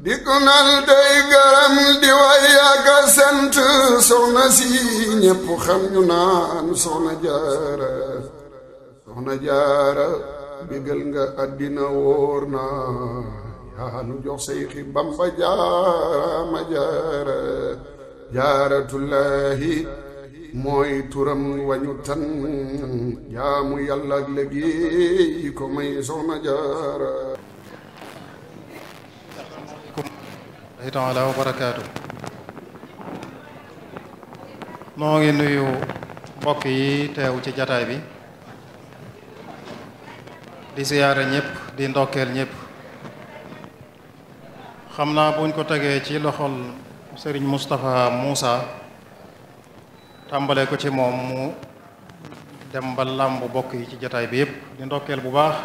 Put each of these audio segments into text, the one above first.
di gunal day garam di way ak sant soxna si ñépp xam ñu naan soxna jaara soxna jaara bégal nga àddina na yaa nu jox say xi bamba jaara ma jaara jaaratullaahi mooy turam wañu tan jaamu yàlla ak léegi may soxna jaara rahmatullahi taala wa barakaatu moo ngi nuyu mbokk yi teewu ci jataay bi di siyaare ñëpp di ndokkeel ñëpp xam naa buñ ko tegee ci loxol Serigne Moustapha Moussa tàmbale ko ci moom mu dem ba làmb bokk yi ci jataay bi yëpp di ndokkeel bu baax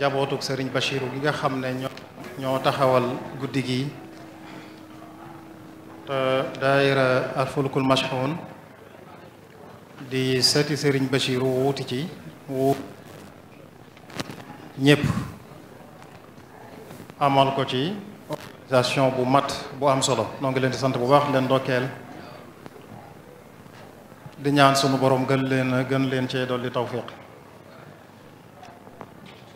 njabootug sëriñ Bachiru gi nga xam ne ñoo ñoo taxawal guddi gi te daayira alfulkul mashxuun di sëti sëriñ Bachiru wuuti ci wu ñépp amal ko ci organisation bu mat bu am solo noo leen di sant bu baax leen ndokkeel di ñaan sunu borom gën leen gën leen cee dolli tawfiq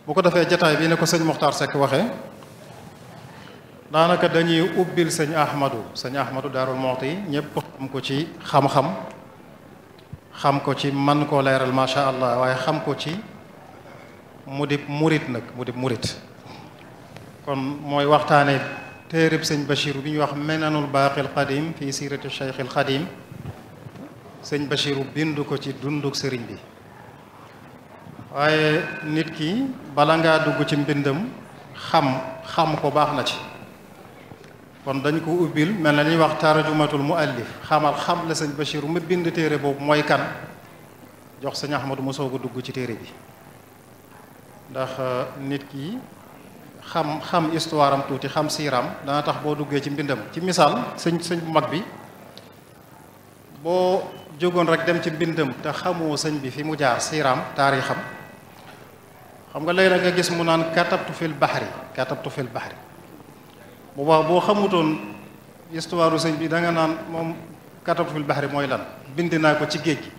bu ko defee jataay bii ne ko sëñ Muxtaar Seck waxee daanaka dañuy ubbil sëñ Ahmadu sëñ Ahmadu Daarul Muxti ñëpp xam ko ci xam-xam ko ci man koo leeral macha allah waaye xam ko ci mu di murit nag mu di murit kon mooy waxtaane téereb sëñ Bachir bi ñu wax menanul baaxil qadim fii siirati Cheikhil Xadim sëñ Bachir bind ko ci dunduk sëriñ bi waaye nit ki bala ngaa dugg ci mbindam xam xam ko baax na ci kon dañ ko ubbil mel na ñuy wax tarajumatul muallif xamal xam la sëñ Bachir ma bind téere boobu mooy kan jox sëñ Ahmadu mu soog a dugg ci téere bi ndax euh, nit ki xam xam histoire am tuuti xam siiraam dana tax boo duggee ci mbindam ci misaal sëñ sëñ bu mag bi boo jógoon rek dem ci mbindam te xamoo sëñ bi fi mu jaar siiram taarixam xam nga léeg-léeg nga gis mu naan katabtu fil baxri katabtu fil baxri bu baax boo xamutoon histoire sëñ bi da nga naan moom katabtu fil baxri mooy lan bind naa ko ci géej gi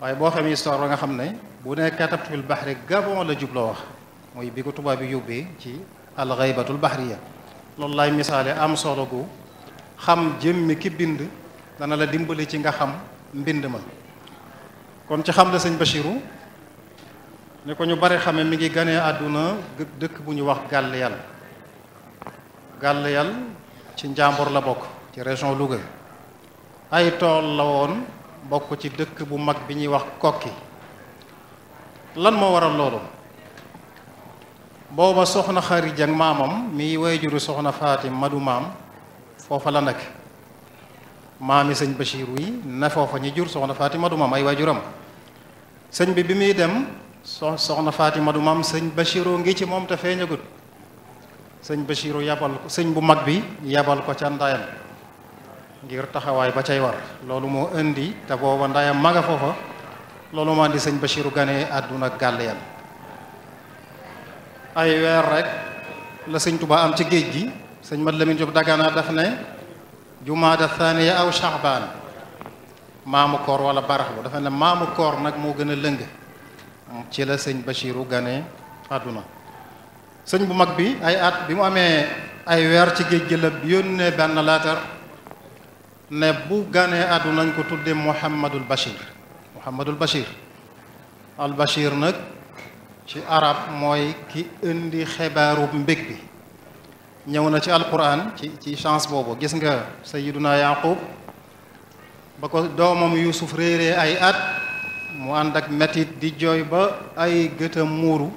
waaye boo xamee histoire ba nga xam ne bu ne katabtu fil baxri gabon la jubloo wax mooy bi ko tubaab bi yóbbee ci alxaybatul baxriya loolu laay misaale am solo gu xam jëmmi ki bind dana la dimbali ci nga xam mbind ma kon ci xam la sëñ Bachiru ni ko ñu bari xame mi ngi ganee àdduna dëkk bu ñu wax Gàlleyal Gàlleyal ci Njàmbur la bokk ci région Louga ay tool la woon bokk ci dëkk bu mag bi ñuy wax kokki lan moo waral loolu booba soxna xari jang maamam mi wayjuru soxna Fatim madu maam foofa la nekk maami sëñ ba Bachir yi ne foofa ñi jur soxna Fatim madu maam ay juram sëñ bi bi muy dem so soxna Fatima du maam sëñ Bachirou ngi ci moom te feeñagut sëñ Bachirou yabal sëñ bu mag bi yabal ko ca ndayam ngir taxawaay ba cay war loolu moo indi te booba ndayam maga foofa loolu moo indi sëñ Bachirou ganee àdduna gàlleyam ay weer rek la sëñtu Tuubaa am ci géej gi sëñ Mat Lamin Jóob Dagana daf ne jumaada thaniya aw shahbaan maamu koor wala barax bu dafa ne maamu koor nag moo gën a lëng ci la sëñ Bachiru gane àdduna sëñ bu mag bi ay at bi mu amee ay weer ci géej gi la yónnee benn leetar ne bu ganee àdduna nañ ko tuddee Muhammadul Bachir Muhammadul Bachir al Bachir nag ci arab mooy ki indi xibaaru mbég bi ñëw na ci alquran ci ci chance boobu gis nga sayyiduna Yaqub ba ko doomam Yuusuf réeree ay at mu ànd ak metit di jooy ba ay gëtam muuru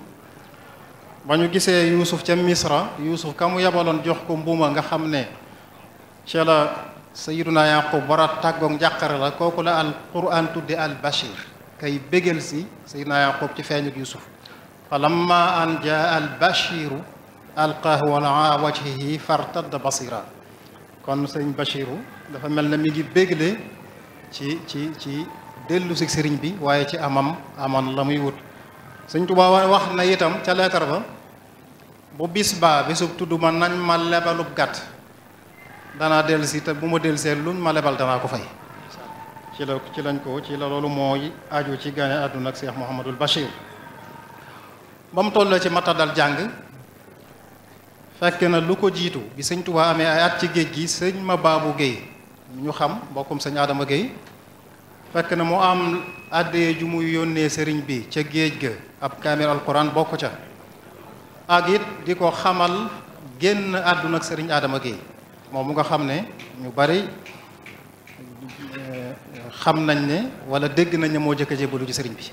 ba ñu gisee yuusuf ca misra yuusuf ka mu yabaloon jox ko mbuuma nga xam ne ca la sayiduna yaqub war a tàggoog njàqare la kooku la al quran tudde al bashir kay bégal si sayiduna yaqub ci feeñuk yuusuf fa lamma an jaa al bashiru alqaahu ala wajhihi fartadda basira kon sëñ bashiru dafa mel na mi ngi bégle ci ci ci dellusi sëriñ bi waaye ci amam amoon la muy wut sëñ Tuubaa wax na itam ca leetar ba bu bis baa bisub tudd ma nañ ma lebalub gàtt danaa dellu si te bu ma dell see luñ ma lebal danaa ko fay ci la ci lañ ko ci la loolu mooy aju ci gane àdduna ak Cheikh Mouhamadul Bachir ba mu toll ci matadal jàng fekk na lu ko jiitu bi sëñ Tuubaa amee ay at ci géej gi sëñ ma baabu Géey ñu xam mbokkum sëñ Adama Géey fekk na mu am àddee ju muy yónnee sëriñ bi ca géej ga ab kaamil alquran bokk ca ak it di ko xamal génn àdduna ak sëriñ aadama Gueye moom mu nga xam ne ñu bari eh, xam nañ ne wala dégg nañ ne moo jëkk a jébbalu ci sëriñ bi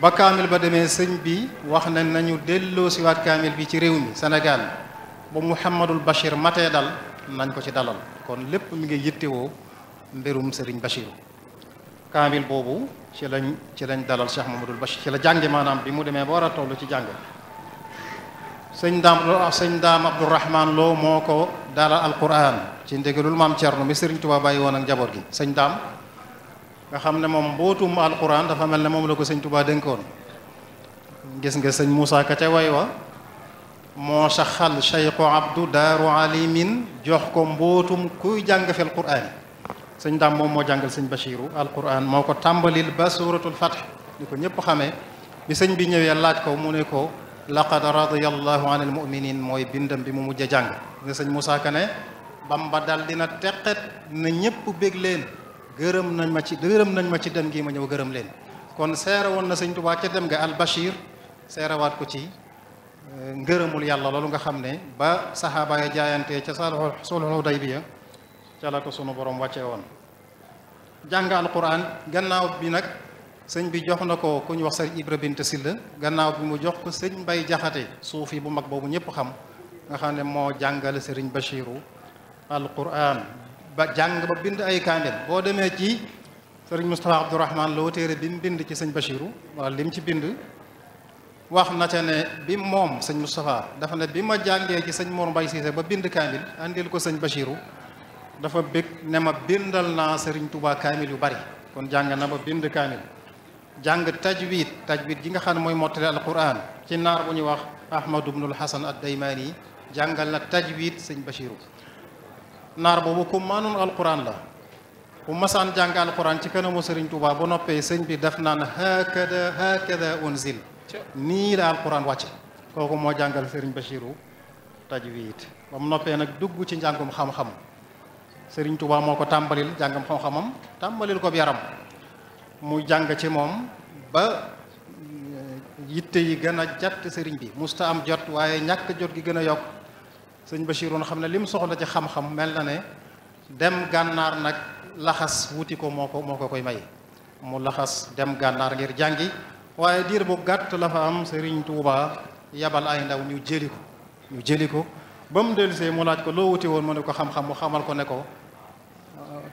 ba kaamil ba demee sëñ bi wax ne nañu delloo siwaat kaamil bi ci réew mi Sénégal ba Mouhamadul Bachir matee dal nañ ko ci dalal kon lépp mi ngi yittewoo mbirum Serigne Bachiru kaamil boobu ci lañ ci lañ dalal Cheikh Mamadou Bachir ci la jànge bi mu demee ba war a ci jàng sëñ daam ah, sëñ daam Abdourahman moo ko dalal alquran ci ndigalul maam Thierno mi Serigne Touba bàyyi woon ak njaboot gi sëñ daam nga xam ne moom mbootum alquran dafa mel ne moom la ko sëñ Touba dénkoon gis nga sëñ Moussa Ka ca way wa moo saxal Cheikhu Abdou Daaru Alimin jox ko mbootum kuy jàng fi alquran sëñ daam moom moo jàngal sëñ Bachiru alquran moo ko tàmbalil ba suratul fath ni ko ñëpp xame bi sëñ bi ñëwee laaj ko mu ne ko laqad radiyallahu anil mu'minin mooy bindam bi mu mujj a jàng ne sëñ Moussa Ka ne Bamba dal dina teqet na ñëpp bég leen gërëm nañ ma ci gërëm nañ ma ci dem gi ma ñëw gërëm leen kon seere woon na sëñ Tuubaa ca dem nga al Bachir seerewaat ko ci eh, ngërëmul yàlla loolu nga xam ne ba saxaaba ya jaayantee ca salhu day Hudaybiya ca la ko sunu borom wàcce woon jàng alquran gannaaw bi nag sëñ bi jox na ko ku ñu wax sëriñ Ibra Bint Silla gannaaw bi mu jox ko sëñ Mbay Jaxate suufi bu mag boobu ñëpp xam nga xam ne moo jàngale sëriñ Bachiru alquran ba jàng ba bind ay kaamil boo demee ci sëriñ Moustapha Abdourahman loo téere bi mu bind ci sëñ Bachiru wala lim ci bind wax na ne bi moom sëñ Moustapha dafa ne bi ma jàngee ci sëñ Mor Mbay Siise ba bind kaamil andil ko sëñ Bachiru dafa bëgg ne ma bindal naa Serigne Touba kaamil yu bari kon jàng na ba bind kaamil jàng tajwid tajwid gi nga xam ne mooy mottale alquran ci naar bu ñuy wax Ahmadu bnul Hasan ad-Daymaani jàngal na tajwid sëñ Bachiru naar boobu ku maanoon alquran la bu masaan jàng alquran ci kanamu Serigne Touba bu noppee sëñ bi daf naan hakada hakada unzil nii la alquran wàcce kooku moo jàngal Serigne Bachiru tajwid ba noppee nag dugg ci njàngum xam sëriñ Touba moo ko tàmbalil jàngam xam-xamam tàmbalil ko yaram mu jàng ci moom ba eh, yitte yi gën a jàtt sëriñ bi musta am jot waaye ñàkk jot gi gën a yokk sëñ Bachirou xam ne lim soxla ci xam-xam mel na ne dem gànnaar nag laxas wuti ko moo ko moo ko koy may mu laxas dem gànnaar ngir jàngi waaye diir bu gàtt la fa am sëriñ Touba yabal ay ndaw ñu jëli ko ñu jëli ko ba mu dellusee mu laaj ko loo wuti woon mu ne ko xam-xam mu xamal ko ne ko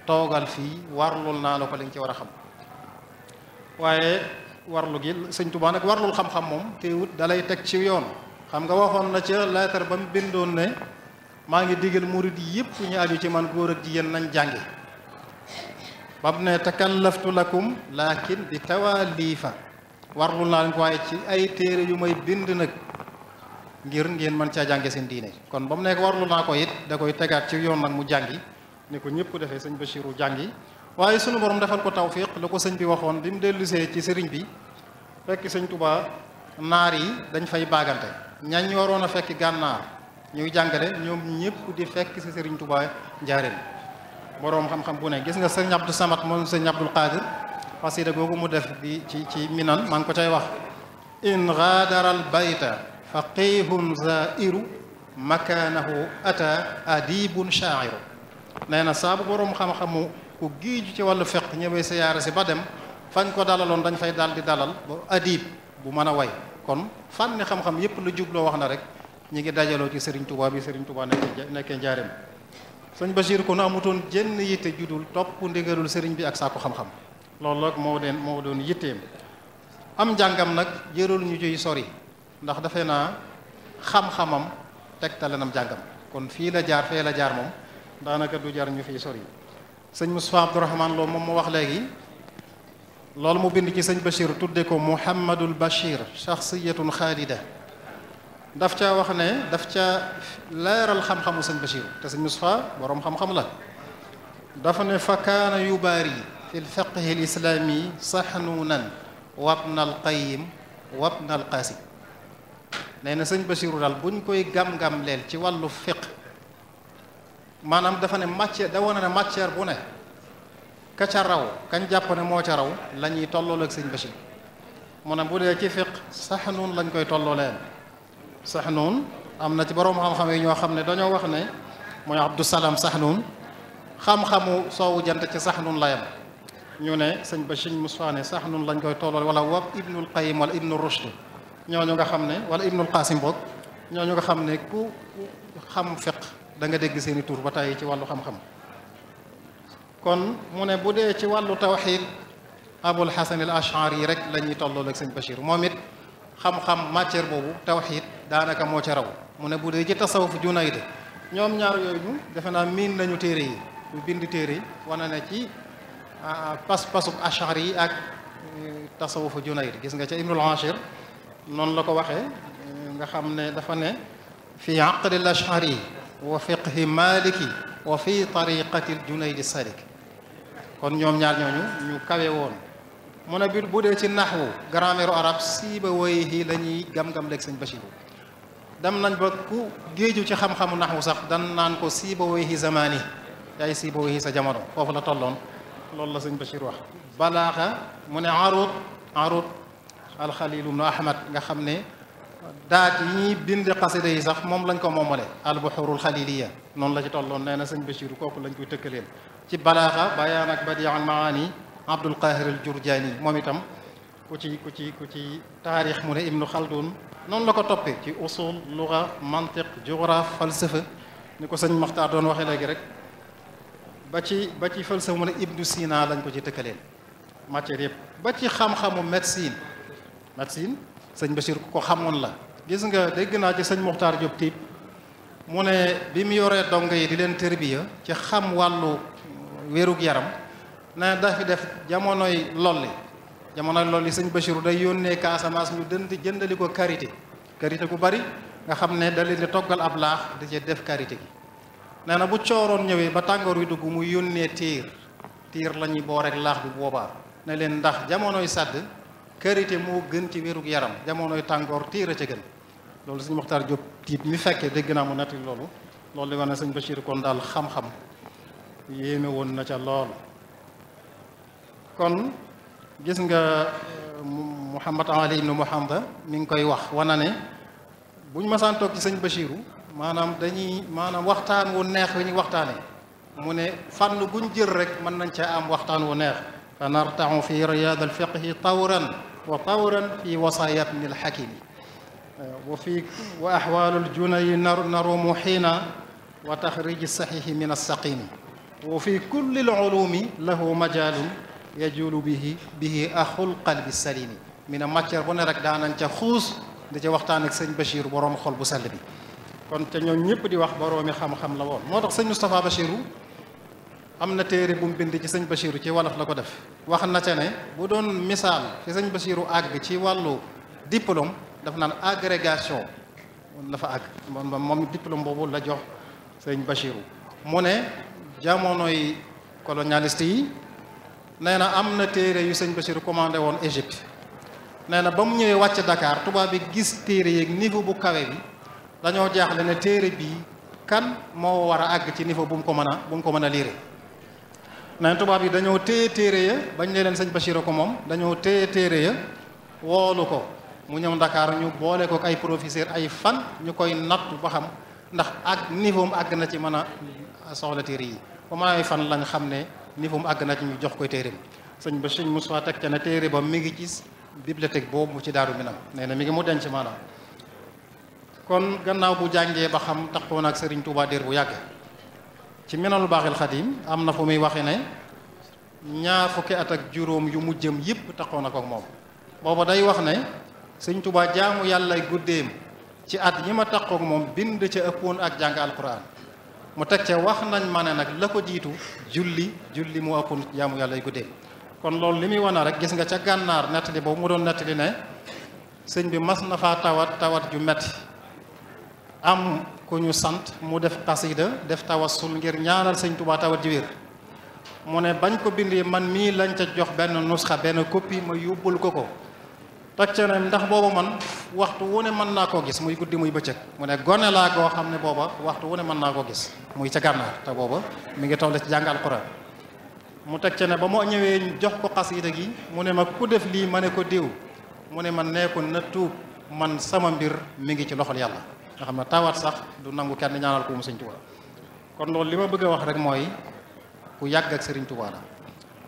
toogal fii warlul naa la ko li nga ci war a xam waaye warlu gi sëñ Tuubaa nag warlul xam-xam moom teewut dalay teg ci yoon xam nga waxoon na ca leetar ba mu bindoon ne maa ngi digal murid yëpp ñu aju ci man góor ak jigéen nañ jàngi ba mu ne takallaftu lakum laakin bi tawaalifa warlul naa leen ko waaye ci ay téere yu may bind nag ngir ngeen mën caa jànge seen diine kon ba mu nekk warlul naa ko it da koy tegaat ci yoon nag mu jàngi ni ko ñëpp defee sëñ Bachirou yi waaye sunu boroom defal ko tawfiq la ko sañ bi waxoon bi mu dellusee ci sëriñ bi fekk sëñ Touba naar yi dañ fay baagante ñañ waroon a fekk gànnaar ñuy jàngale ñoom ñëpp di fekk si sëriñ Touba njaareem boroom xam-xam bu ne gis nga sëñ Abdou Samad moom sëñ Abdul Qadir xasida googu mu def bi ci ci minan maa ngi ko cay wax in gaadara al bayta faqihun zairu makaanahu ata adibun shaa'iru nee na saabu boroom xam-xamu ku giiju ci wàllu feq ñëwee siyaare si ba dem fañ ko dalaloon dañ fay dal di dalal ba adib bu mën a way kon fànni xam-xam yépp lu jubloo wax na rek ñu ngi dajaloo ci Serigne Touba bi Serigne Touba nekk nekkee njaareem sëñ Bachir kon amutoon jenn yitte judul topp ndigalul sëriñ bi ak sàkku xam-xam loolu moo doon moo doon yitteem am njàngam nag jërul ñu ciy sori ndax defe naa xam-xamam tegtale nam jàngam kon fii la jaar la jaar moom daanaka du jar ñu fiy sori sëñ Moustapha Abdourahmane Lo moom mu wax léegi loolu mu bind ci sëñ Bachir tudde ko Muhammadul Bachir shaxsiyatun xaalida daf caa wax ne daf ca leeral xam-xamu sëñ Bachir te sëñ Moustapha boroom xam-xam la dafa ne fa kaana yubaari fi lfiqhi lislaami saxnuunan wabna alqayim wabna alqaasim nee na sëñ Bachir daal buñ koy gam-gam leel ci wàllu fiq maanaam dafa ne matière da wane ne matière bu ne ka raw kañ jàpp ne moo ca raw la ñuy tollool ak sëñ Bachir mu ne bu dee ci fiq sax noonu lañ koy tollooleen sax noonu am na ci boroom xam ñoo xam ne dañoo wax ne mooy Abdou Salam sax noonu xam-xamu soowu jant ci sax noonu la yem ñu ne sëñ Bachir Moussa ne sax noonu lañ koy tollool wala wab Ibnul Qayyim wala Ibnul Rushd ñooñu nga xam ne wala Ibnul Qasim boog ñooñu nga xam ne ku xam fiq da nga dégg seeni tur ba tàyyi ci wàllu xam-xam kon mu ne bu dee ci wàllu tawxiid abul xasan al ashari rek la ñuy tollool ak sëñ Bachir moom it xam-xam matière boobu tawxiid daanaka moo ca raw mu ne bu dee ci tasawuf junayde ñoom ñaar yooyu defe naa miin nañu téere yi ñu bind téere yi wane na ci ah, pas-pasub ashari yi ak eh, tasawufu junayd gis nga ci ibnul ashir noonu la ko waxee nga xam ne dafa ne fii aqdil ashari wa fiqhi maliki wa fi tariqati junayd salik kon ñoom ñaar ñooñu ñu kawe woon mu ne bi bu ci naxwu grammaire arab siiba woyhi la ñuy gam-gam leeg sëñ Bachir dem nañ ba ku géeju ci xam-xamu naxwu sax dan naan ko siiba woyhi zamani yaay siiba woyhi sa jamono foofu la tolloon loolu la sëñ Bachir wax balaaxa mu ne arut arut alxalilu bnu ahmad nga xam ne daat yi ñuy bind xasida yi sax moom lañ ko moomale albuxurul xaliliya noonu la ci tolloon nee na sëñ Bachir kooku lañ koy tëkkaleel ci balaaxa bayaan ak badia al maani abdul qahir al jurjaani moom itam ku ci ku ci ku ci taarix mu ne ibnu xaldun noonu la ko toppee ci usul luga mantiq géographe falsafa ni ko sëñ Maxtaar doon waxee léegi rek ba ci ba ci falsafa mu ne ibnu sina lañ ko ci tëkkaleel matière yëpp ba ci xam-xamu médecine médecine sëñ Bachir ku ko xamoon la gis nga dégg naa ci sëñ Muxtaar Diop tiib mu ne bi mu yoree dongo yi di leen tërbiya ci xam wàllu wérug yaram na dafi def jamonoy lolli jamonoy lolli sëñ Bachiru day yónnee Casamance ñu dënd jëndali ko karité karité bu bari nga xam ne da leen di toggal ab laax di ci def karité gi nee na bu cooroon ñëwee ba tàngoor wi dugg mu yónnee tiir tiir la ñuy boo rek laax bi boobaa ne leen ndax jamonoy sàdd karité moo gën ci wérug yaram jamonoy tàngoor tiir ca gën loolu sëñ Moxtaar Diop tiit mi fekkee dégg naa mu netti loolu loolu li wane sëñ Bachir kon daal xam-xam yéeme woon na ca lool kon gis nga eh, Mouhamad Ali ibn Mouhamad mi ngi koy wax wana ne bu ñu ci sëñ Bachiru maanaam dañuy maanaam waxtaan wu neex wi ñuy waxtaanee mu ne fànn bu jël rek mën nañ caa am waxtaan wu neex fa nartaxu fi riyaad alfiqhi tawran wa tawran fi wasaayat ni alxakimi وفي وأحوال الجني نروم حينا وتخريج الصحيح من السقيم وفي كل العلوم له مجال يجول به به أخو القلب السليم mi ne matière bu ne rek daanañ ca xuus di ca waxtaan ak sëñ Bachir boroom xol bu sell bi kon ca ñoom ñëpp di wax boroomi xam-xam la woon moo tax sëñ Moustapha Bachirou am na téere bu mu bind ci sëñ Bachirou ci wolof la ko def wax na ne bu doon misaal ci sëñ Bachirou àgg ci wàllu diplôme dafa naan agrégation la fa àgg moom diplôme boobu la jox sëñ Bachirou mu ne jamonoy colonialiste yi nee na am na téere yu sëñ Bachirou commandé woon Égypte nee na ba mu ñëwee wàcc Dakar tubaab yi gis téere yeeg niveau bu kawe bi dañoo jaaxle ne téere bii kan moo war a àgg ci niveau bu mu ko mën a bu mu ko mën a liire nee tubaab yi dañoo téye téere ya bañ leen sëñ Bachirou ko moom dañoo téye téere ya woolu ko mu ñëw ndakaar ñu boole ko ay professeur ay fan ñu koy nattu ba xam ndax ak niveau àgg na ci mën a soxla téere yi ba mën ay fan xam ne niveau mu àgg na ci ñu jox koy téere bi sëñ ba sëñ Moussa teg ca ne téere ba mi ngi gis bibliothèque boobu ci daaru minam nee na mi ngi mu denc maanaam kon gannaaw bu jàngee ba xam taxoon ak sëriñ Touba der bu yàgg ci Minanul Baaxil Xadim am na fu muy waxe ne ñaar fukki at ak juróom yu mu jëm yëpp taxoon ak moom booba day wax ne sëñ tubaa jaamu yàllay guddeem ci at yi ma taqoog moom bind ca ëppoon ak jàng alquran mu teg ca wax nañ ma ne nag la ko jiitu julli julli mu ëppoon jaamu yàllay guddeem kon loolu li muy wane rek gis nga ca gànnaar nettali boobu ma doon nettali ne sëñ bi mas na faa tawat tawat ju metti am ku ñu sant mu def xasida def tawassul ngir ñaanal sëñ tubaa tawat ji wér mu ne bañ ko bindee man mii lañ ca jox benn nusxa benn copie ma yóbbul ko ko teg ca ne ndax booba man waxtu wu ne mën naa koo gis muy guddi muy bëccëg mu ne gone laa koo xam ne booba waxtu wu ne mën naa koo gis muy ca gànnaar te booba mi ngi toll ci jàng alquran mu teg ca ne ba mu ñëwee jox ko xasida gi mu ne ma ku def lii ma ne ko diw mu ne man nee na tuub man sama mbir mi ngi ci loxol yàlla nga xam ne tawaat sax du nangu kenn ñaanal ko mu sëñ kon loolu li ma bëgg a wax rek mooy ku yàgg ak sëriñ Tuubaa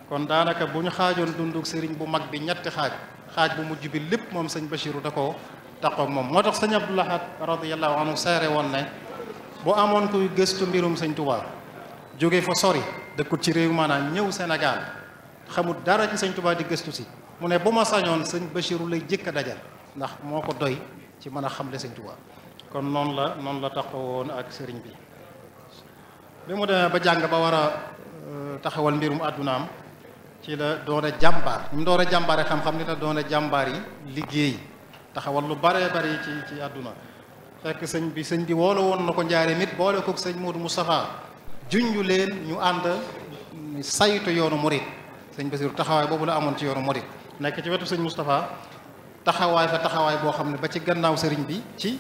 kon daanaka bu ñu xaajoon dunduk sëriñ bu mag bi ñetti xaaj xaaj bu mujj bi lépp moom sëñ Bachiru da koo taqoo moom moo tax sëñ Abdou Lahad radiyallahu anhu seere woon ne bu amoon kuy gëstu mbirum sëñ Touba jóge fa sori dëkkut ci réew maanaam ñëw Sénégal xamul dara ci sëñ Touba di gëstu si mu ne bu ma sañoon sañ Bachiru lay jëkk a dajal ndax moo ko doy ci mën a xamle sëñ Touba kon noonu la noonu la taqoo woon ak sëriñ bi bi mu demee ba jàng ba war a euh, taxawal àddunaam ci la doon a jàmbaar ñu doon a jàmbaar xam-xam ni la doon jàmbaar yi liggéey taxawal lu baree bari ci ci àdduna fekk sëñ bi sëñ bi woolu woon na ko njaare mit boole kook sëñ Modou Moustapha junju leen ñu ànd saytu yoonu murit sëñ Basiru taxawaay boobu la amoon ci yoonu murit nekk ci wetu sëñ Moustapha taxawaay fa taxawaay boo xam ne ba ci gannaaw sëriñ bi ci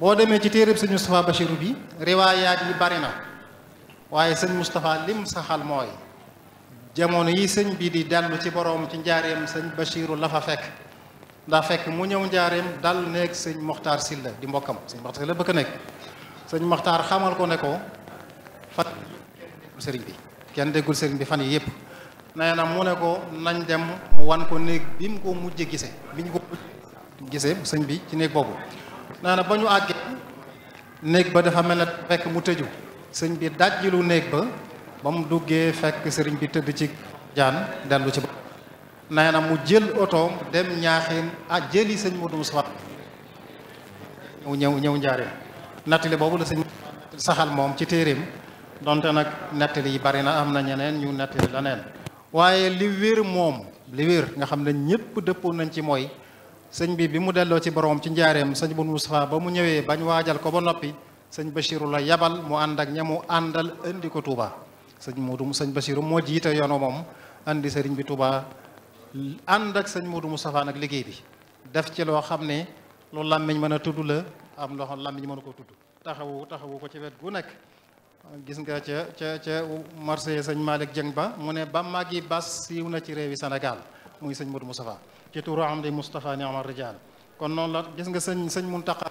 boo demee ci téeréb sëñ Moustapha Bachiru bi riwaayaat yi bari na waaye sëñ Moustapha lim saxal mooy jamono yi sëñ bi di dellu ci boroom ci njaareem sëñ Bachiru la fa fekk ndax fekk mu ñëw njaareem dal nekk sëñ Moxtaar Silla di mbokkam sëñ Moxtaar Silla bëgg nekk sëñ Moxtaar xamal ko ne ko fan sëriñ bi kenn déggul sëriñ bi fan yi yëpp nee na mu ne ko nañ dem wan ko néeg bi mu ko mujjee gise bi ñu ko gisee sëñ bi ci néeg boobu nee na ba ñu àggee néeg ba dafa mel ne fekk mu tëju sëñ bi dajjilu néeg ba ba mu duggee fekk sëriñ bi tëdd ci jaan dellu ci ba nee na mu jël otoom dem ñaaxin ah jëli sëñ Modou Moustapha ñëw ñëw ñëw njaareem nettali boobu la sëñ saxal moom ci téeréem donte nag nettali yi bari na am na ñeneen ñu nettali waaye li wér moom li wér nga xam ne ñëpp dëppoon nañ ci mooy sëñ bi bi mu delloo ci boroom ci njaareem sëñ Modou Moustapha ba mu ñëwee bañ waajal ko ba noppi sëñ ba Bachiru la yabal mu ànd ak ña mu àndal indi ko tuubaa sëñ Modou mu sëñ Bachirou moo jiite yoonu moom andi sëriñ bi Touba ànd ak sëñ Modou Moustapha nag liggéey bi def ci loo xam ne lu làmmiñ mën a tudd la am loo xam làmmiñ mën a ko tudd taxawu taxawu ko ci wet gu nekk gis nga ca ca ca marché sëñ Malick Dieng ba mu ne ba magi bas siiw na ci réewi Sénégal muy sëñ Modou Moustapha ci turu am di Moustapha kon noonu la gis sëñ sëñ Muntaqa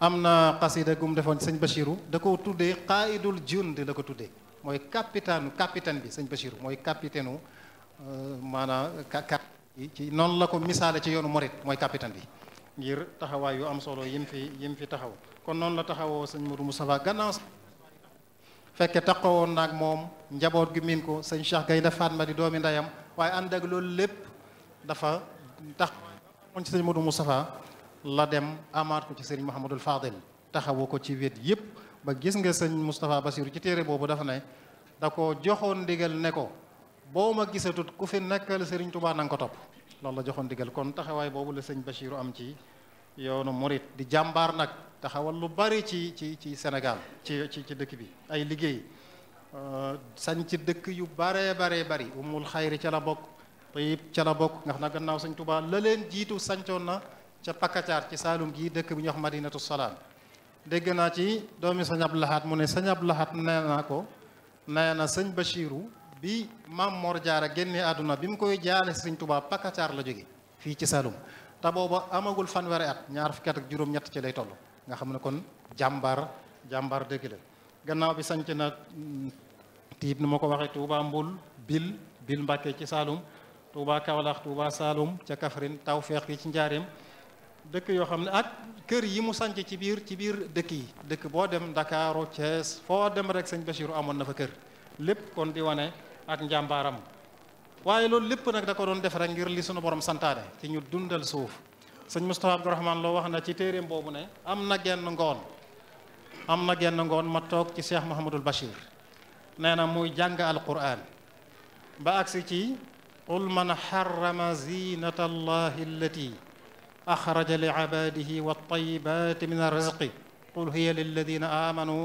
am na xasida gum defoon sëñ Bachirou da ko tuddee xaayidul jund la ko tuddee mooy capitaine capitaine bi sëñ Bachir mooy capitaine u euh, maanaam ka ci noonu la ko misaale ci yoonu morit mooy capitaine bi ngir taxawaay yu am solo yim fi yim fi taxaw kon noonu la taxawoo sëñ Modou Moustapha gannaaw fekke taxawoon naag moom njaboot gi miin ko sëñ Cheikh Gaynde Fatma di doomi ndeyam waaye ànd ak loolu lépp dafa tax moom sëñ Modou Moustapha la dem amaat ko ci sëriñ Mouhamadul Fadel taxawoo ko ci wet yépp ba gis nga sëñ Moustapha Bassirou ci téere boobu dafa ne da ko joxoon ndigal ne ko boo ma gisatut ku fi nekkal sëriñ Touba na nga ko topp loolu la joxoon digal kon taxawaay boobu la sëñ Bassirou am ci yoonu murit di jàmbaar nag taxawal lu bari ci ci ci Sénégal ci ci ci dëkk bi ay liggéey sañ ci dëkk yu baree baree bari umul xayri ca la bokk tayib ca la bokk nga xam na gannaaw sëñ Touba la leen jiitu sancoon na ca Pakacaar ci Saalum gii dëkk bi ñu wax Madinatu salaa dégg naa ci doomi sëñ laxaat mu ne sëñ Abdou Lahad naa ko nee na sëñ Bachiru bi maam jaar a génne àdduna bi mu koy jaale sëñ Tuubaa Pakacaar la jóge fii ci Saloum te booba amagul fanweeri at ñaar fukki at ak juróom-ñett ci lay toll nga xam ne kon jàmbar jàmbar dëgg la gannaaw bi sanc na mm, tiib nu ma ko waxee Touba Mbul Bil Bil Mbàkke ci saalum Touba Kawlax Touba Saloum ca Kaffrine taw feex yi ci njaareem dëkk yoo xam ne ak kër yi mu sanc ci biir ci biir dëkk yi dëkk boo dem Ndakaaru Thiès foo dem rek sañ Bachiru amoon na fa kër lépp kon di wane ak njàmbaaram waaye loolu lépp nag da ko doon def rek ngir li sunu borom santaane ci ñu dundal suuf sëñ Moustapha Abdourahmane loo wax na ci téeréem mboobu ne am na genn ngoon am na genn ngoon ma toog ci Cheikh Mouhamadul Bachir nee na muy jàng alquran ba agsi ci qul man harrama zinata allahi allati axraja li ibaadihi wattayibaati min arrizqi qul hiya lilladina amanu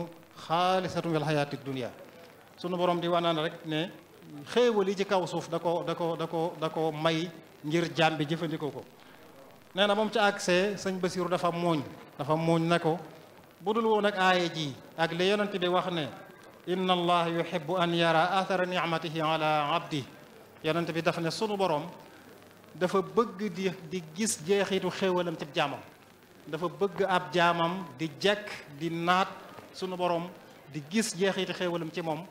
xaalisatun fil xayaati dunia sunu borom di wanaan rek ne xéewal yi ci kaw suuf da da da ko da ko may ngir jaam bi jëfandikoo ko nee na moom ca accès sëñ Basiru dafa mooñ dafa mooñ nako ko bu dul woon ak aaya ji ak li yonent bi wax ne inna allah yuhibbu an bi daf ne sunu dafa bëgg di gis jeexitu xéewalam ci jaamam dafa bëgg ab jaamam di jekk di naat sunu borom di gis jeexitu xéewalam ci moom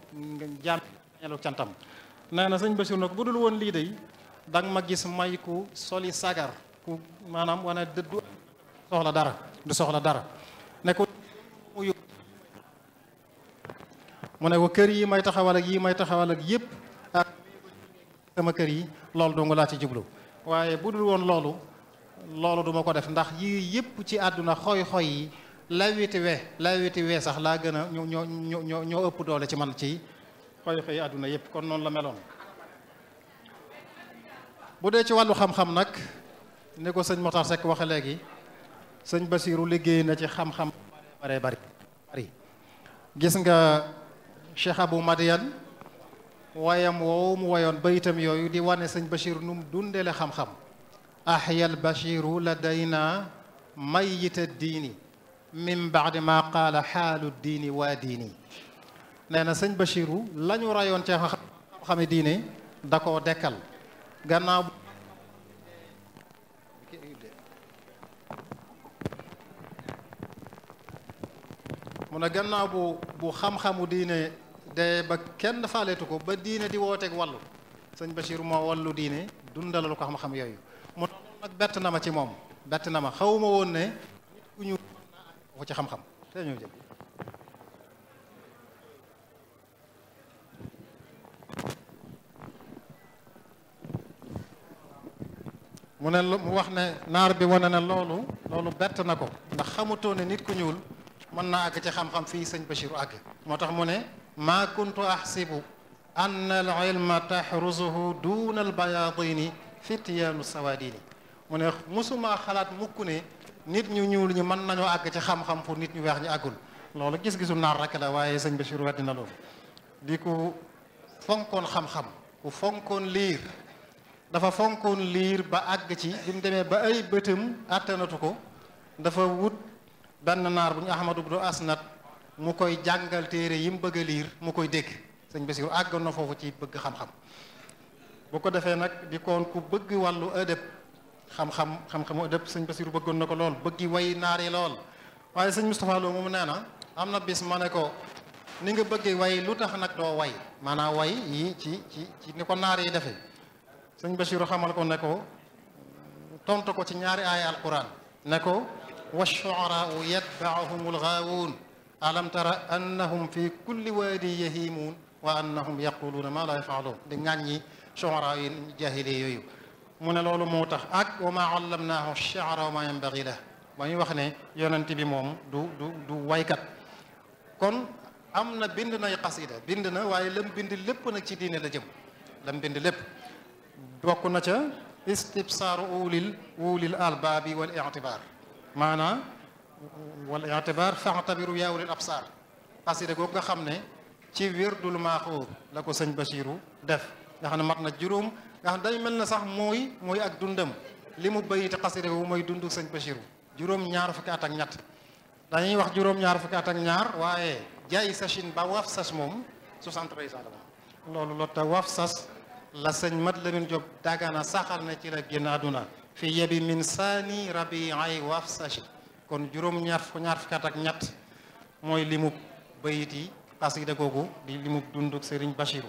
jaam elu cantam nee na sëñ Bachir na bu dul woon lii day danga ma gis may ku soli sagar ku maanaam wana dëddu soxla dara du soxla dara ne ko mu ne ko kër yi may taxawal ak yi may taxawal ak yépp ak sama kër yi loolu dong laa ci jublu waaye bu dul woon loolu loolu duma ko def ndax yii yëpp ci àdduna xoy-xoy yi lawiti we lawiti we sax laa gën a ñoo ñoo ñoo ñoo ëpp doole ci man ci xoy-xoy àdduna yëpp kon noonu la meloon. bu dee ci wàllu xam-xam nag ni ko sëñ Moxtar Seck waxe léegi sëñ Basiiru liggéey na ci xam-xam bare bari gis nga Cheikh Abou wayam woowu mu wayoon bayitam yooyu di wane sëñ Bachir nu mu dundele xam-xam ahyal Bachiru la dayna mayita diini min baadi ma qaala xaalu diini waa diini nee na sëñ Bachiru la ñu ca xam-xame diine da koo dekkal gannaaw mu ne gannaaw bu xam-xamu diine de ba kenn faaleetu ko ba diine di wooteeg wàllu sëñ Bachir moo wàllu diine dundalalu ko xam-xam yooyu mu nag na ma ci moom bett na ma xaw woon ne ñu ko ci xam-xam te ñoo wax ne naar bi wane ne loolu loolu bett na ko ndax xamutoo ne nit ku mën naa àgg ci xam-xam sëñ Bachir àgg moo tax mu ne maa kuntu axsibu an al ilma taxrusuhu duna al bayaadini fitiyaanu sawaadini mu ne mësuma xalaat mukk ne nit ñu ñuul ñi mën nañoo àgg ci xam-xam pour nit ñu weex ñu àggul loolu gis-gisu naar rek la waaye sëñ Bachir weddi na loolu di ku fonkoon xam-xam ku fonkoon liir dafa fonkoon liir ba àgg ci bi mu demee ba ay bëtam àttanatu ko dafa wut benn naar bu ñu Ahmadu bu Asnat mu koy jàngal téere yi mu bëgg liir mu koy dégg sañ Basiru àgg na foofu ci bëgg xam-xam bu ko defee nag di koon ku bëgg wàllu ëdëb xam-xam xam-xamu ëdëb sëñ Basiru bëggoon na ko lool bëggi way naar yi lool waaye sëñ Moustapha Lo moom nee na am na bis ma ne ko ni nga bëggee way lu tax nag doo way maanaam way yii ci ci ci ni ko naar yi defee sëñ Basiru xamal ko ne ko tontu ko ci ñaari aaya alquran ne ko wa shu'araa yatba'uhumul ghaawuun alam tara annahum fi kulli waadi yahimuun wa annahum yaquluuna maa laa yafaaluun di ŋàññi shu'araa yi jaahili yooyu mu ne loolu moo tax ak wa maa allamnaahu shi'ra wa maa yanbaghi lah wax ne yonent bi moom du du du kon am na bind nay xasida bind na waaye lam bind lépp nag ci diine la jëm lam bind lépp bokk na ca istibsaaru ulil ulil albaabi wal wal i'tibaar fa'tabiru yaa ulil absaar xasida googu nga xam ne ci wirdul maaxuur la ko sëñ Bachiru def nga xam ne mat na juróom nga xam day mel na sax mooy mooy ak dundam li mu bayit xasida wu mooy dundu sëñ Bachiru juróom ñaar fukki at ak ñett dañuy wax juróom ñaar fukki at ñaar waaye jay sachin ba waf sas moom 73 ans la loolu lotta waf sas la sëñ Mat Lamin Jóob Dagana saxal ne ci la génn àdduna fi yebi min saani rabi ay waf sachi kon juróom ñaar fu ñaar ak ñett mooy limu bayit yi xasida googu di limub dunduk Serigne Bachiru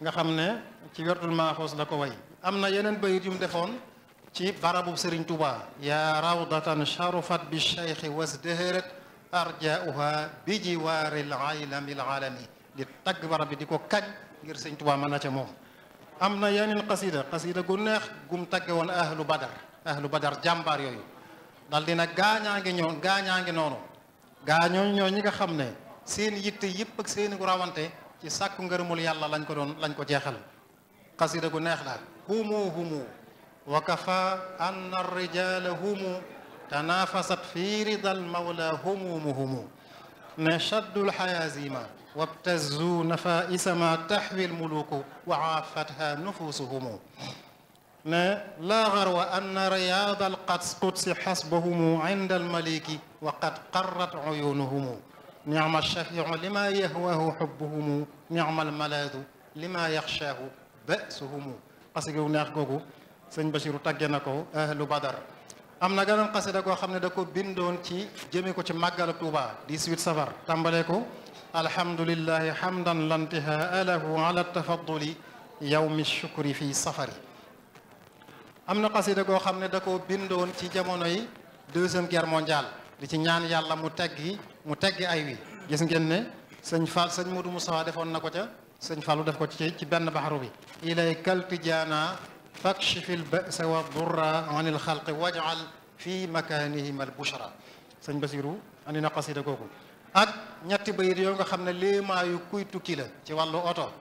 nga xam ne ci wertul maaxoos la ko way am na yeneen bayit yu mu defoon ci barabub sëriñ Touba yaa rawdatan sharufat bi cheikhi wasdëhërat arjauha bi jiwaaril aylamil alami di tagg barab bi di ko kañ ngir Serigne Touba mën na ca moom am na yeneen xasida xasida gu neex gum tagge woon ahlu badar ahlu badar jàmbaar yooyu dal dina gaañaa ngi ñoon gaañaa ngi noonu gaañooñ ñoo ñi nga xam ne seen yitte yëpp ak seeni rawante ci sàkku ngërëmul yàlla lañ ko doon lañ ko jeexal xasida gu neex la humu humu wa kafa anna arrijala humu tanafasat fi ridal mawla humumu humu ne shaddul xayazima wabtazu nafaisa ma taxwi almuluku wa afatha nufusuhumu ne laa xarwa anna riyaad al qudsi xasbuhumu inda al maliki wa qad qarrat uyunuhumu nicma alshafiicu lima yahwahu xubbuhumu nicma almalaadu lima yaxshaahu basuhumu xasi gu neex googu sëñ Basiru tàgge na ko ahlu badar am na ganeen xasida goo xam ne da ko bindoon ci jëme ko ci màggalu Tuuba 18 safar tàmbale ko alhamdulillahi hamdan lantihaa alahu ala tafaduli yawmi shukri fi safari am na xasida goo xam ne da koo bindoon ci jamono yi deuxième guerre mondiale di ci ñaan yàlla mu teggi mu teggi ay wi gis ngeen ne sëñ Fall sëñ Modou Moussa defoon na ko ca sëñ Fallu def ko ci ci benn baxaru bi ilay kalpi jaana fakshifil ba'sa wa durra anil xalqi waj'al fi makanihim al bushra sëñ Basiru andi na xasida googu ak ñetti bayit yoo nga xam ne léemaayu kuy tukki la ci wàllu oto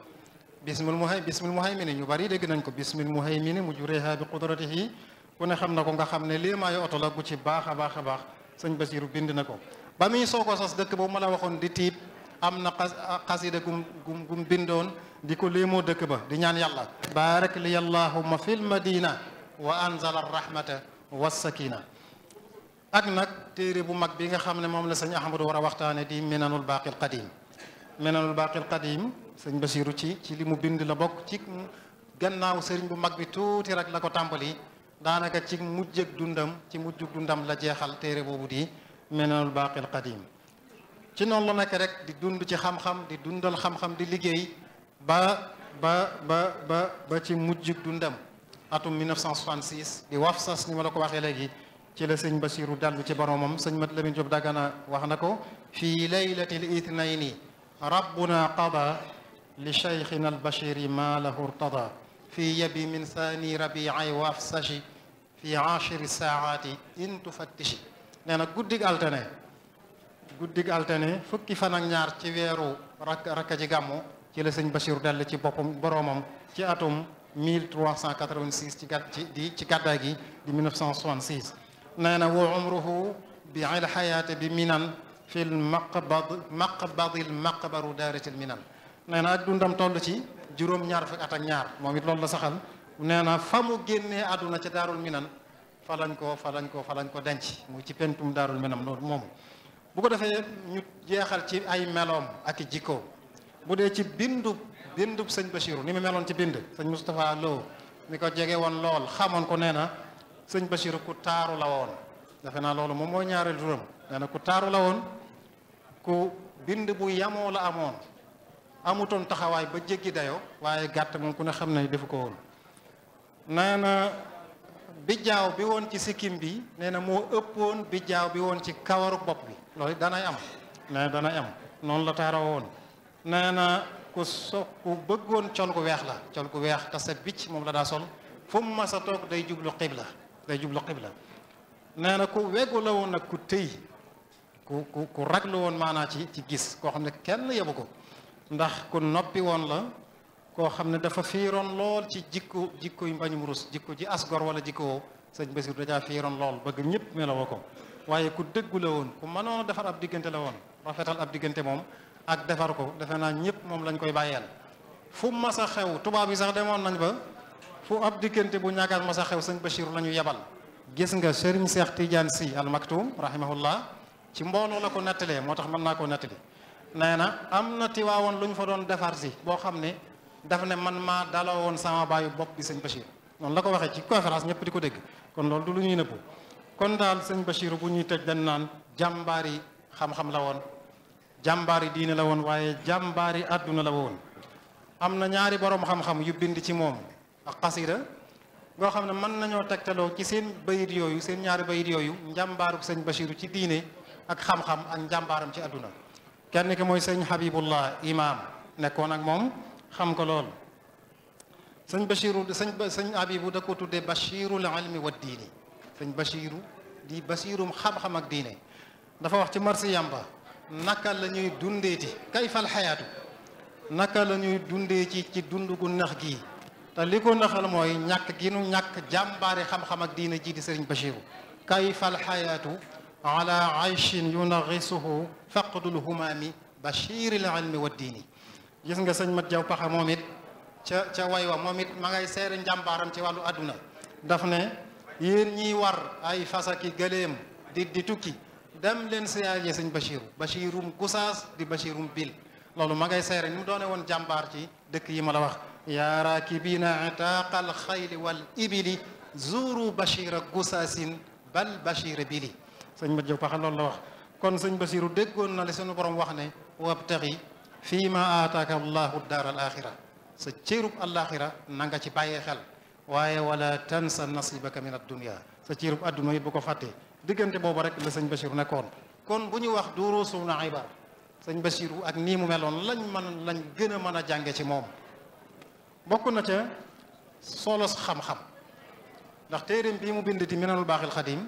bismil muhay bismil muhaymini ñu bari dégg nañ ko bismil muhaymini mu jureeha bi qudratihi ku ne xam na ko nga xam ne léemaayu oto la gu ci baax a baax a baax sëñ Basiru bind na ko ba muy soo ko dëkk boobu ma la waxoon di tiib am na xasida gum gum gum bindoon di ko léemoo dëkk ba di ñaan yàlla baarak li allahumma fil madina wa anzala rahmata wa sakina ak nag téere bu mag bi nga xam ne moom la sëñ Ahmadu war a waxtaane di minanul baaqil qadim minanul baaqil qadim sëñ Basiiru ci ci li mu bind la bokk ci gannaaw sëriñ bu mag bi tuuti rek la ko tàmbali daanaka ci mujjëg dundam ci mujjëg dundam la jeexal téere boobu di meneenul baaqil qadim ci noonu la nekk rek di dund ci xam-xam di dundal xam-xam di liggéey ba ba ba ba ci mujjëg dundam atum 1966 di wax sas ni ma la ko waxee léegi ci la sëñ Basiiru dallu ci boromam sëñ Mat Lamin Jóob Dagana wax na ko fii laylatil itnayni rabbuna qada li البشير ما له ارتضى في يبي من ثاني ربيعي وافسشي في عاشر الساعات إن تفتشي nee na guddig altine guddig altine fukki fan ak ñaar ci weeru rak rakka ji ci la sëñ Bachir dell ci boppam boroomam ci atum 1386 ci gàd ci di ci gàddaay gi di 1966 nee na wa umruhu bi al minan fi l maqbad maqbadil maqbaru daaratil minan nee na ak dundam toll ci juróom ñaar fukki at ak ñaar moom it loolu la saxal nee na fa mu génnee àdduna ci daarul minan fa lañ ko fa lañ ko fa lañ ko denc mu ci pentum daarul minam loolu moom bu ko defee ñu jeexal ci ay meloom ak jikko bu dee ci bindu bindub sëñ Bachirou ni mu meloon ci bind sëñ Moustapha mi ko jege woon lool xamoon ko nee na sëñ Bachirou ku taaru la woon defe naa loolu moom mooy ñaareel juróom nee ku taaru la woon ku bind bu yamoo la amoon amutoon taxawaay ba jéggi dayoo waaye gàtt moom ku ne xam ne defu ko woon nee na bijjaaw bi woon ci sikkim bi nee na moo ëppoon bijjaaw bi woon ci kawaru bopp bi loolu danay am nee danay am noonu la taara woon nee na ku so ku bëggoon col gu weex la col gu weex te sa bicc moom la daa sol fu mu mas toog day jublu xibla day jublu xibla nee na ku weggu la woon nag ku tëy ku ku ku raglu woon maanaa ci ci gis koo xam ne kenn yebu ko ndax ku noppi woon la koo xam ne dafa fiiroon lool ci jikko jikko yu mbañum rus jikko ji asgor wala jikkoo sëñ Basiru dajaa fiiroon lool bëgg ñëpp meloo ko waaye ku dëggu la woon ku mënoon a defar ab diggante la woon rafetal ab diggante moom ak defar ko defe naa ñëpp moom lañ koy bàyyeel fu masa xew tubaab yi sax demoon nañ ba fu ab diggante bu ñàkkaat mas a xew sañ Basiru la ñu yebal gis nga Serigne Cheikh Tidiane Sy Al Maktoum rahimahullah ci mbooloo la ko nettalee moo tax mën naa koo nettali nee na am na woon lu ñu fa doon defar si boo xam ne daf ne man maa daloo woon sama baayu bopp bi sëñ Bachir noonu la ko waxee ci conférence ñëpp di ko dégg kon loolu du lu ñuy nëbbu kon daal sañ Bachir bu ñuy tëj dañ naan jàmbaari xam-xam la woon jàmbaari diine la woon waaye jàmbaari àdduna la woon am na ñaari borom xam-xam yu bind ci moom ak xasida ngoo xam ne mën nañoo tegtaloo ci seen bayit yooyu seen ñaari bayit yooyu njàmbaaru sëñ Bachir ci diine ak xam ak njàmbaaram ci àdduna kenn ki mooy sëñ Habibullah imaam nekkoon ak moom xam ko lool sëñ Bachiru sëñ sëñ Habibu da ko tuddee Bachirul ilmi wa diini sëñ Bachiru di Bachirum xam-xam dafa wax ci marsi yamba naka la ñuy dundeeti kayfal xayaatu naka la ñuy dundee ci ci dund gu nax te li ko naxal mooy ñàkk gi nu ñàkk jàmbaari xam-xam ak diine jii di sëriñ Bachiru kayfal xayaatu ala ayshin yunagisuhu faqdul humaami bashiril ilmi wa diini gis nga sëñ Mat Jaw Paxa moom ca ca way wa moom it ci wàllu àdduna daf ne yéen ñiy war ay fasaki gëléem di tukki dem leen siyaare sëñ Bachiru Bachirum Gusaas di Bachirum Bil loolu ma ngay seere ni doone woon jàmbaar ci dëkk yi ma la wax yaa raakibina itaaqal xayli wal ibili zuuru Bachira Gusaasin bal Bachira Bili sëñ ba Diop waxal loolu la wax kon sañ Basiru déggoon na li sunu boroom wax ne wabtaxi fii ma aataaka allahu daaral axira sa cërub alaxira na nga ci bàyyee xel waaye wala tansa nasibaka min addunia sa cërub adduna yi bu ko fàttee diggante boobu rek la sëñ Basiru nekkoon kon bu ñu wax duruusu na ibar sañ basiiru ak nii mu meloon lañ mën lañ gën a mën a jànge ci moom bokk na ca solos xam-xam ndax téeréem bii mu bind di minanul baaxil xadim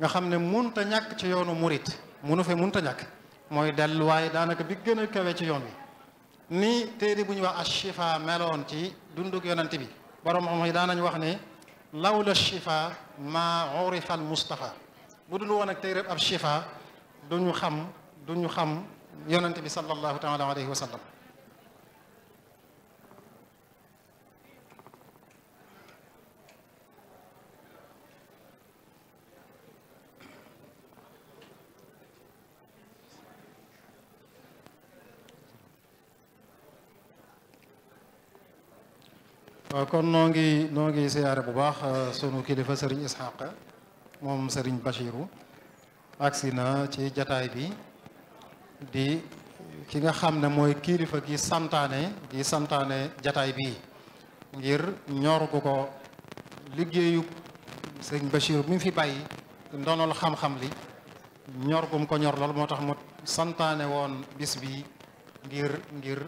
nga xam ne mënut ñàkk ci yoonu murit munu fe mënut a ñàkk mooy delluwaay daanaka bi gën a kawe ci yoon wi ni téere bu ñuy wax ashifa meloon ci dunduk yonent bi borom xam yi daanañ wax ne lawla shifa maa urifa mustafa bu dul woon ak téere ab shifa ñu xam duñu xam yonent bi sallallahu taala alayhi wa kon noo ngi noo ngi siyaare bu baax euh, sunu kilifa sëriñ Ishaq moom sëriñ Bachiru agsi na ci jataay bi di ki nga xam ne mooy kilifa gi santaane di santaane jataay bi ngir ñor gu ko liggéeyu sëriñ Bachir mi fi bàyyi ndonol xam-xam li ñor ko ñor lool moo tax mu santaane woon bis bi ngir ngir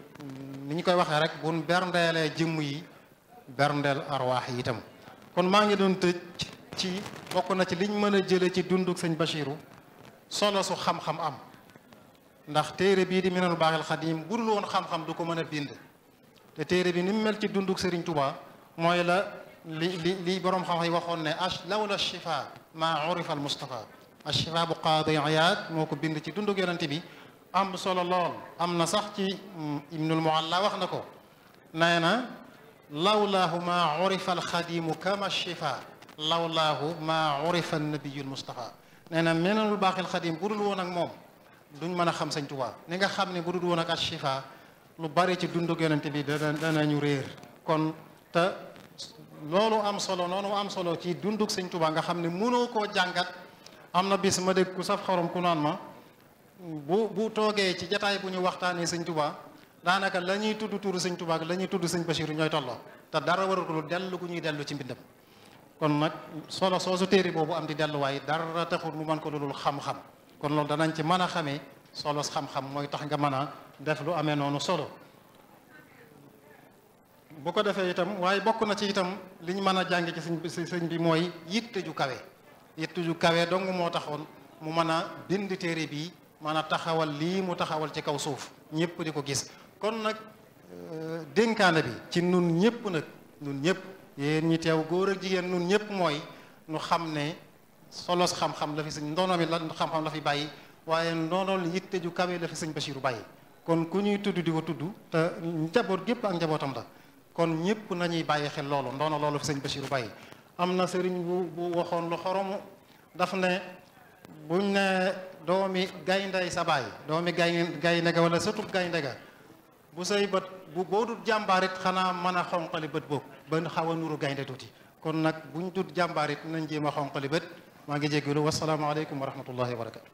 ni ñu koy waxee rek buñ berndeelee jëmm yi berndeel arwaax yi itam kon maa ngi doon tëj ci bokk na ci liñ mën a jële ci dunduk sëñ Bachiru solo su xam-xam am ndax téere bii di Minanul Baaxil Xadiim bu dul woon xam-xam du ko mën a bind te téere bi ni mu mel ci dunduk Sëriñ Tuubaa mooy la li li li boroom xam-xam yi waxoon ne ash lawla shifa ma urifa al Mustafa ashifa bu Qaadi Iyaad moo ko bind ci dunduk yonente bi am solo lool am na sax ci mm, Ibnul Mualla wax na ko nee law ma lawlaahu maa urifa alxadimu kama shifa lawlaahu maa urifa nabiyul mustafa nee na menenul baaxil xadim bu dul woon ak moom duñ mën a xam Sëñ Tuubaa ni nga xam ne bu dul woon ak ashifa lu bari ci dundu yonent bi dana ñu réer kon te loolu am solo noonu am solo ci dundug Sëñ Tuubaa nga xam ne mënoo koo jàngat am na bis ma dégg ku saf xorom ku naan ma bu bu toogee ci jataay bu ñu waxtaanee Sëñ Tuubaa daanaka la ñuy tudd tuuru sëñ Tuubaa ak la ñuy tudd sëñ Basiiru ñooy tolloo te dara waratul dellu gu ñuy dellu ci mbindam kon nag solo soosu téere boobu am di delluwaay dara taxul mu mën ko ludul xam-xam kon loolu danañ ci mën a xamee solo xam-xam mooy tax nga mën a def lu amee noonu solo bu ko defee itam waaye bokk na ci itam li ñu mën a jànge ci sëñ sëñ bi mooy yitte ju kawe yitte ju kawe dong moo taxoon mu mën a bind téere bii mën a taxawal lii mu taxawal ci kaw suuf ñëpp di ko gis kon nag euh, dénkaane bi ci nun ñëpp nag nun ñëpp yéen ñi teew góor ak jigéen nun ñëpp mooy nu xam ne solos xam-xam la fi sëñ ndono mi la xam-xam la fi bàyyi waaye ndoonool yitte ju kawe la fi sëñ Bachirou bàyyi kon ku ñuy tudd di ko tudd te njaboot gépp ak njabootam la kon ñëpp nañuy bàyyi xel loolu ndoono loolu fi sëñ Bachirou bàyyi am na sëriñ bu bu waxoon lu xoromu daf ne buñ ne doomi gaynday sa baay doomi gaynde ga wala sëtub gaynde ga bu say bët bu boo dut jàmbaar xanaa mën a xonqali bët boobu ba xaw a nuru gaynde tuuti kon nag buñ dut jàmbaar it nañ jéem a xonqali bët maa ngi jégalu wasalaamaaleykum wa rahmatullahi wa barakatu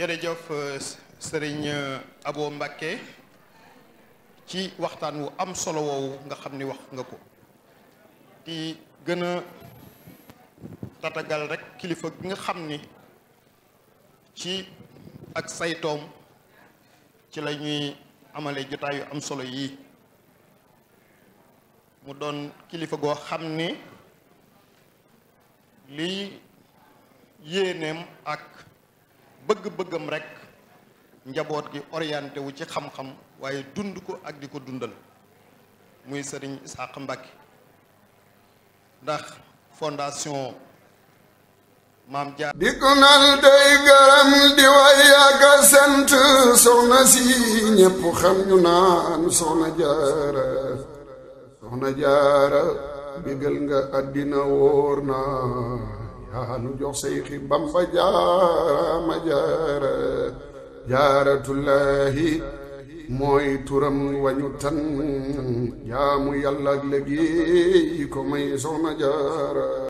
jërëjëf euh, sëriñ euh, Abo Mbakke ci waxtaan wu am solo woowu nga xam ni wax nga ko di gën a tatagal rek kilifa gi nga xam ni ci ak saytoom ci la ñuy amale jotaay yu am solo yii mu doon kilifa goo xam ni lii yéeneem ak bëgg-bëggam rekk njaboot gi orienté wu ci xam-xam waaye dund ko ak di ko dundal muy sëriñ Isaax Mbàkke ndax fondation maam Jaar di ko jaara soxna nga àddina wóor na yaa nu jox Seyxi Bamba jaarama jaara jaaratullahi mooy turam wañu tan jaamu yàlla ak léegi ko may soxna jaara